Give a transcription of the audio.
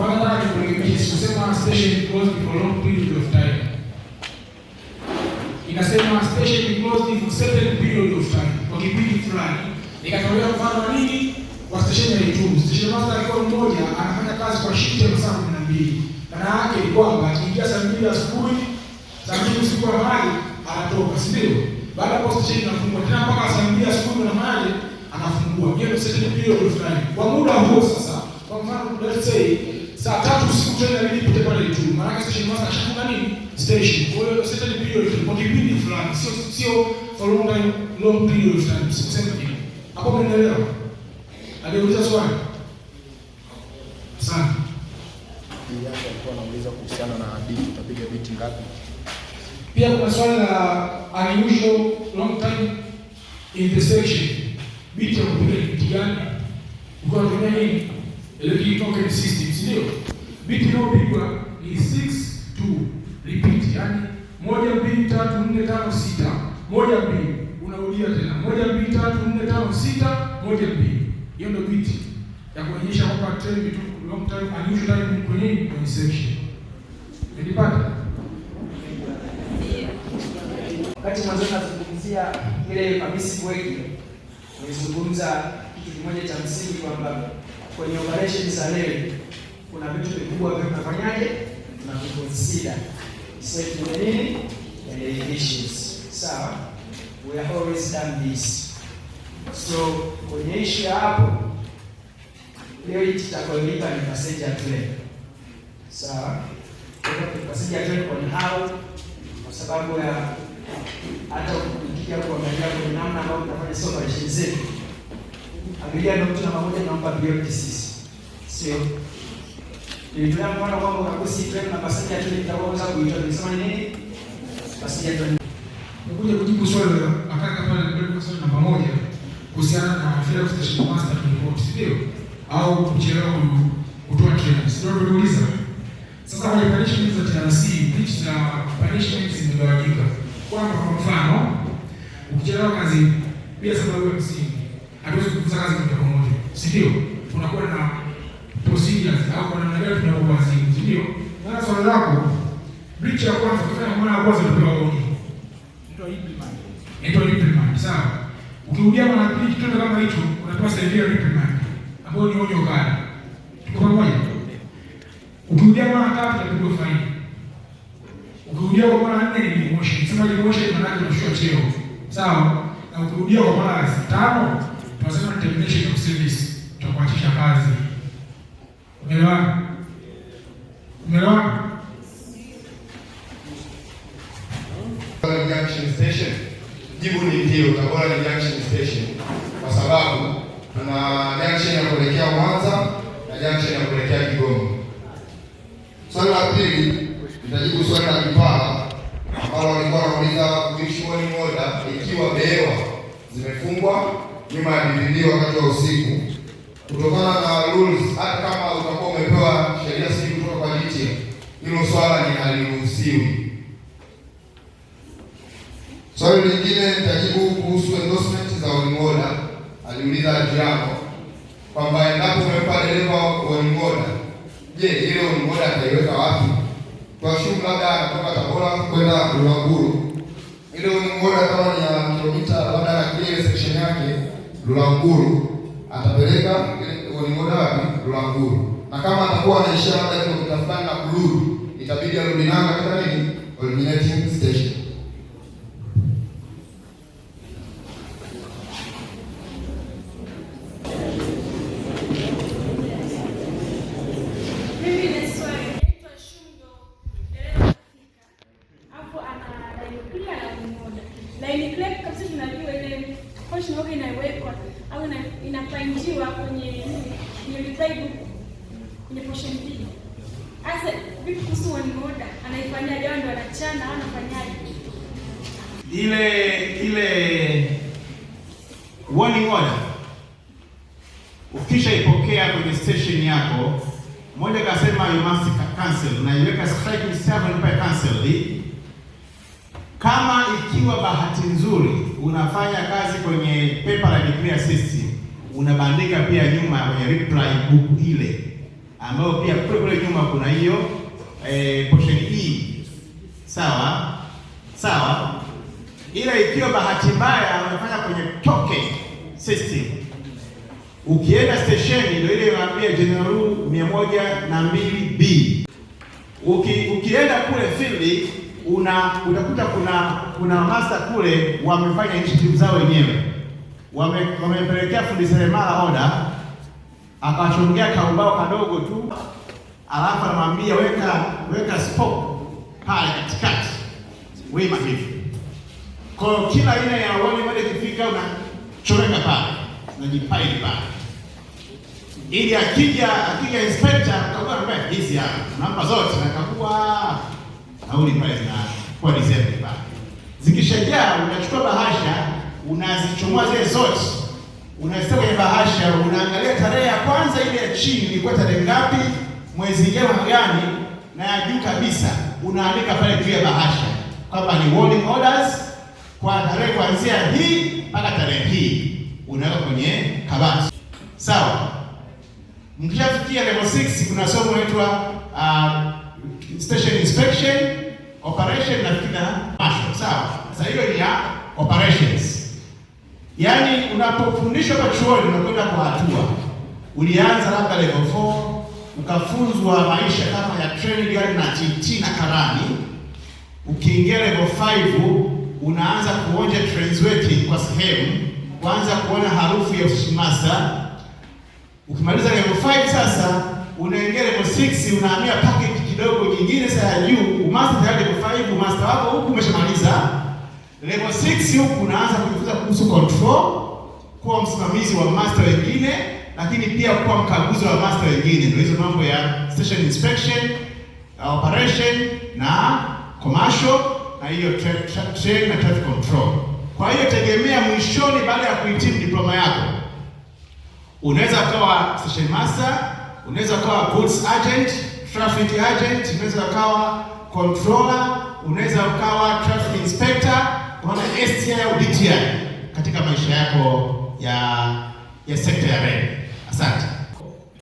Kwa hiyo nataka nikurekebishe, sikusema station closed for long period of time. Inasema station closed for certain period of time, kwa kipindi fulani. Nikatolea mfano nini wa station ya Ituri. Station master alikuwa mmoja anafanya kazi kwa shift ya masaa 12. Maana yake ni kwamba akiingia saa 2 asubuhi, saa 2 usiku wa mali anatoka, si ndio? Baada ya station inafungwa tena mpaka saa 2 asubuhi na mali anafungua. Hiyo ni certain period of time. Kwa muda huo sasa, kwa mfano let's say saa tatu usiku tena inabidi tupite pale tu, maana yake station master ashafunga nini station. Kwa hiyo sasa ni period kwa kipindi fulani, sio sio for long time long period of time, sema hivi hapo. Mnaelewa? Aliuliza swali sana yake, alikuwa anauliza kuhusiana na hadithi, utapiga biti ngapi? Pia kuna swali la unusual long time intersection, biti ya kupiga biti gani? Ukiwa tumia nini electronic system, si ndio? Biti inayopigwa ni 6 2 repeat, yani moja mbili tatu nne tano sita moja mbili, unarudia tena moja mbili tatu nne tano sita moja mbili. Hiyo ndio biti ya kuonyesha kwamba trend tu long time unusual time kwenye kwenye section. Nilipata wakati mwanzo nazungumzia ile permissive working, nilizungumza kitu kimoja cha msingi kwamba kwenye operation za reli kuna vitu vikubwa vya kufanyaje na kuconsider safety na nini and issues. Sawa, we have always done this. So kwenye issue ya hapo leo itakayolipa ni passenger train. Sawa, kwa passenger train on how, kwa sababu ya hata ukija kuangalia kwa namna ambayo tunafanya sio operation zetu Abiria ndio mtu namba moja, nampa sisi, sio nilitumia mfano kwamba ukakosi train na passenger train itaweza kuitwa nilisema nini passenger train. Nikuja kujibu swali la akaka pale ndio kwa swali namba moja kuhusiana na failure of station master report, sio au kuchelewa kutoa train, sio tuliuliza. Sasa kwenye punishment za TRC, which za punishment zimegawanyika, kwa mfano ukichelewa kazi bila sababu ya msingi kazi moja kwa moja, si ndio? Tunakuwa na procedures au kwa namna gani tunakuwazili, si ndio? Sasa swali lako breach ya kwanza, kwa mwana wa kwanza tupewa onyo, ndio implement, ndio implement, sawa. Ukirudia mara pili kitendo kama hicho, unapewa severe reprimand, ambayo ni onyo kali. Tuko pamoja? Ukirudia mara tatu, unapigwa faini. Ukirudia kwa mara nne, ni demotion. Sema demotion maana yake unashushwa cheo, sawa. Na ukirudia kwa mara tano Tunaposema termination of service tutakuachisha kazi. Umeelewa? Umeelewa? Junction station. Jibu ni ndio, utakuwa ni junction station kwa sababu tuna junction ya kuelekea Mwanza na junction ya kuelekea Kigoma. Swali la pili nitajibu swali la kipara ambalo walikuwa wanauliza which one order ikiwa behewa zimefungwa nyuma ya DVD wakati wa usiku, kutokana na rules. Hata kama utakuwa umepewa sheria sijui kutoka kwa jiti, hilo swala ni haliruhusiwi. Swali lingine nitajibu kuhusu endorsement za walimoda. Aliuliza Adriano kwamba endapo umempa dereva walimoda, je, ile walimoda ataiweka wapi? Kwa shughuli labda anatoka Tabora kwenda Ruanguru, ile walimoda kama ni ya kilomita labda na kile section yake Lulanguru atapeleka onimoda wapi? Lulanguru. Na kama atakuwa anaishia labda kilomita fulani na kurudi, itabidi arudi nanga katika nini, originating station. nilifanikiwa kwenye nilipaibu kwenye portion mbili. Sasa vipi kuhusu one order? Anaifanyaje? Wao ndio au anafanyaje? Ile ile one order ukisha ipokea kwenye station yako, mmoja kasema you must cancel, na iweka strike ni msema nipa cancel. di. Kama ikiwa bahati nzuri unafanya kazi kwenye paper la degree system unabandika pia nyuma kwenye reply book ile, ambayo pia kule kule nyuma kuna hiyo eh, portion hii e. Sawa sawa, ila ikiwa bahati mbaya unafanya kwenye token system, ukienda stesheni ndio ile inawaambia general rule 102B. Uki, ukienda kule field una utakuta kuna kuna master kule wamefanya initiative zao wenyewe wamepelekea fundi seremala oda, akachongea kaubao kadogo tu, alafu anamwambia weka weka spoke pale katikati, wima hivi. Kwa hiyo kila aina ya wali moja ikifika, unachoweka pale, unajipaili pale, ili akija akija inspekta akagua, anambia hizi hapa, namba zote nakagua, ah, nauli pale zinakuwa reserved pale, zikishajaa unachukua bahasha unazichomoa zile zote, unazitoa kwenye bahasha, unaangalia tarehe ya kwanza ile ya chini ilikuwa tarehe ngapi, mwezi jema gani, na ya juu kabisa unaandika pale juu ya bahasha kwamba ni warning orders kwa tarehe kuanzia hii mpaka tarehe hii, unaweka kwenye kabati sawa. Mkishafikia level 6 kuna somo inaitwa uh, station inspection operation na kina sawa. Sasa hiyo ni ya operations. Yaani unapofundishwa kwa chuoni unakwenda kwa hatua. Ulianza labda level 4, ukafunzwa maisha kama ya treni gari na TT na karani. Ukiingia level 5 unaanza kuonja transweti kwa sehemu, kuanza kuona harufu ya ushimasa. Ukimaliza level 5 sasa unaingia level 6 unahamia package kidogo nyingine sasa ya juu, umaster tayari level 5 umaster wako huku Level 6 huku unaanza kujifunza kuhusu control, kuwa msimamizi wa master wengine, lakini pia kuwa mkaguzi wa master wengine. Ndio hizo mambo ya station inspection, uh, operation na commercial na hiyo train na traffic control. Kwa hiyo tegemea mwishoni, baada ya kuhitimu diploma yako, unaweza kuwa station master, unaweza kuwa goods agent, traffic agent, unaweza kuwa controller, unaweza ukawa traffic inspector unaona STI au DTI katika maisha yako ya ya sekta ya reli. Asante.